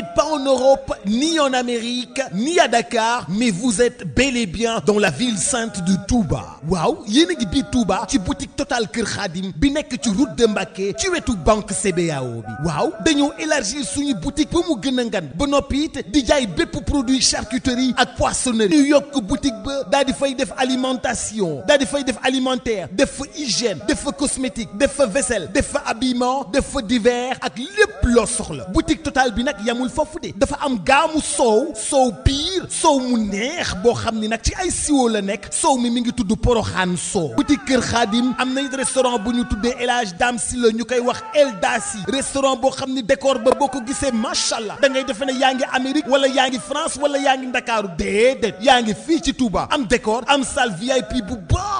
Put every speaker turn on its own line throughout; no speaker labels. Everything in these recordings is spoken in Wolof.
n'êtes pas en Europe, ni en Amérique, ni à Dakar, mais vous êtes bel et bien dans la ville sainte de Touba. waaw yéen a ngi biir Touba ci boutique totale Kër Khadim bi nekk ci route de Mbacké ci wetu banque CBAO bi waaw dañoo élargir suñu boutique ba mu gën a ngan ba noppi it di jaay bépp produit charcuterie ak poissonnerie ñu yokk boutique ba daal di fay def alimentation daal di fay def alimentaire def fa hygiène def fa cosmétique def fa vaisselle def fa habillement def fa divers ak lépp loo soxla boutique Total foofu de dafa am gaamu soow soow piir soow mu neex boo xam ni nag ci ay siwo la nekk soow mi mi ngi tudd poroxaan soow buti kër xaadim am nañ restaurant bu ñu tuddee El Hadj Dame si la ñu koy wax El Dasi restaurant boo xam ne décor ba boo ko gisee macha allah da ngay defe ne yaa ngi Amérique wala yaa ngi France wala yaa ngi Ndakaaru déedéet yaa ngi fii ci tuubaa am décor am salle VIP bu baax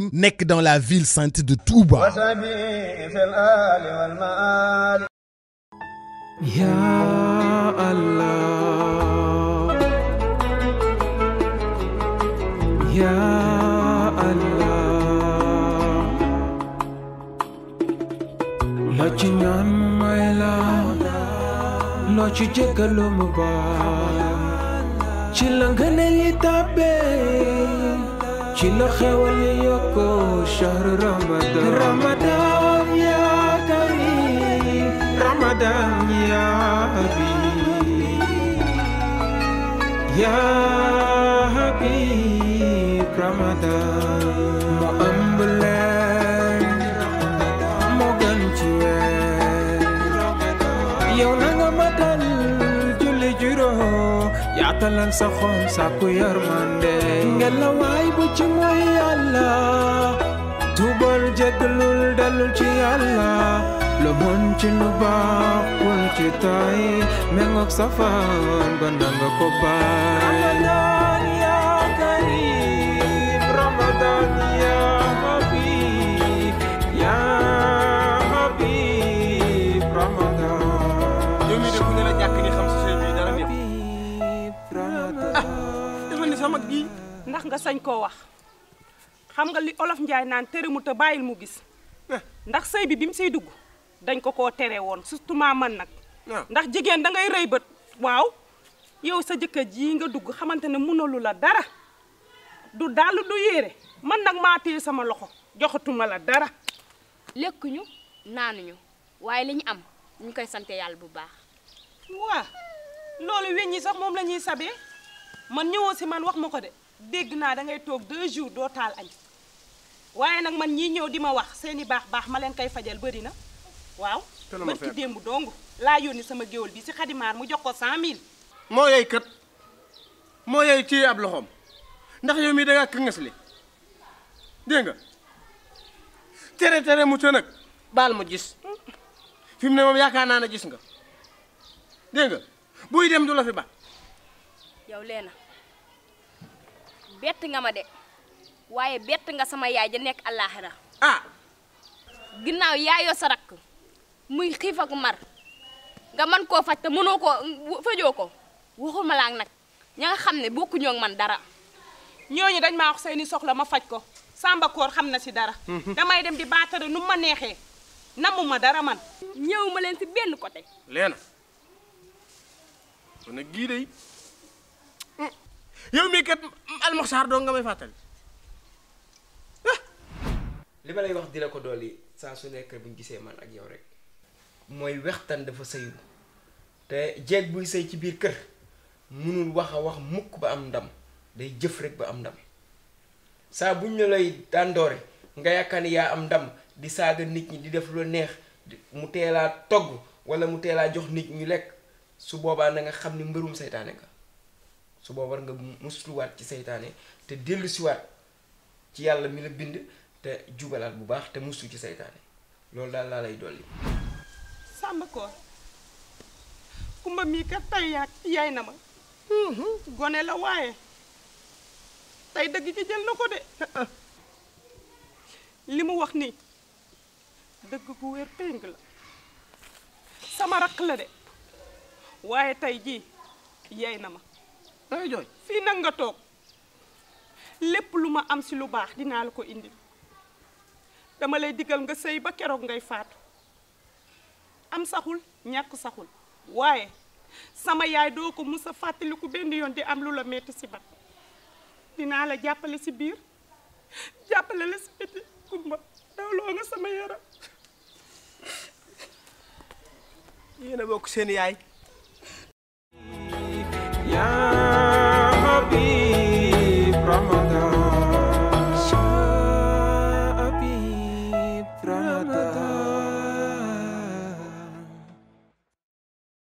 nekk dans la ville sainte de Touba.
yaa Allah yaa Allah loo ci ñaan may loo ci jéggalu mu baal ci la ne yi ci la xewal yi yokkoo shahru ya karim ramadan ya habib ya yaatalal sa xol sàkku yërmande ngelaw waay bu ci mooy yàlla tuubal jéggalul dellul ci yàlla lu mun ci lu baax ci tay mengook safaan ba nanga ko baay
sama gi ndax nga sañ koo wax xam nga li olof njaay naan tere mu te bàyyil mu gis eh. ndax sëy bi bi mu siy dugg dañ ko koo tere woon surtout maa man nag ah. ndax jigéen da ngay rëy bët waaw yow sa jëkkër ji nga dugg xamante ne mënalu la dara du dàll du yére man nag maa téye sama loxo joxatuma la dara lekkuñu naanuñu waaye li ñu am ñu koy sante yàlla bu baax waa loolu weñ yi sax moom lañuy ñuy man ñëwoo si man wax ma ko de dégg naa da ngay toog deux jours doo taal añ waaye nag man ñii ñëw di ma wax seeni baax baax ma leen kay fajal bari na waaw bërki démb dong laa yónni sama géwél bi si xadimaar mu jox ko cent mille moo yey kat moo yey ci ab loxoom ndax yow mii dangaa këngas li dégg nga tere tere mu ca baal ma gis fi ne moom yaakaar naa ne gis nga dégg nga buy dem du la fi ba yow bett nga ma de waaye bett nga sama yaay ja nekk àllaaxira ah ginnaaw yaayoo sa rakk muy xiif ak mar nga mën koo faj te mënoo ko fajoo ko waxuma laa nag ña xam ne bokkuñoo ak man dara ñooñu dañ ma wax seeni soxla ma faj ko Samba Koor xam na si dara mhm. damay dem di baatara nu ma neexee namu ma dara man ñëw leen si benn côté leena man a gii yow mii kat doo nga may fàttali ah. li ma lay wax di la ko dolli saa su nekk bu ñu gisee man ak yow rek mooy wextaan dafa sëyu te jeeg buy sëy ci biir kër mënul wax a wax mukk ba am ndam day jëf rek ba am ndam saa buñ la lay dàndoore nga yaakaar ni yaa am ndam di saaga nit ñi di def lu neex mu teelaa togg wala mu teelaa jox nit ñu lekk su boobaa na nga xam ni mbërum seytaane nga su boo war nga musluwaat ci seytaane te dellusiwaat ci yàlla mi la bind te jubalaat bu baax te muslu ci seytaane
loolu daal laa lay dolli.
sàmm koor kumba mii kat tey yaay na ma. Mm-hmm. gone la waaye tey dëgg ci jël na ko de. li mu wax nii dëgg ko wér péng la sama rakk la de waaye tey jii yaay na ma. dangay jooy fii nag nga toog lépp lu ma am si lu baax dinaa la ko indi dama lay digal nga sëy ba keroog ngay faatu am saxul ñàkk saxul waaye sama yaay doo ko mus a fàttaliku benn yoon di am lu la metti si bat dinaa la jàppale si biir jàppale la si biti kumba dawloo nga sama yaram
yéen bokk seen yaay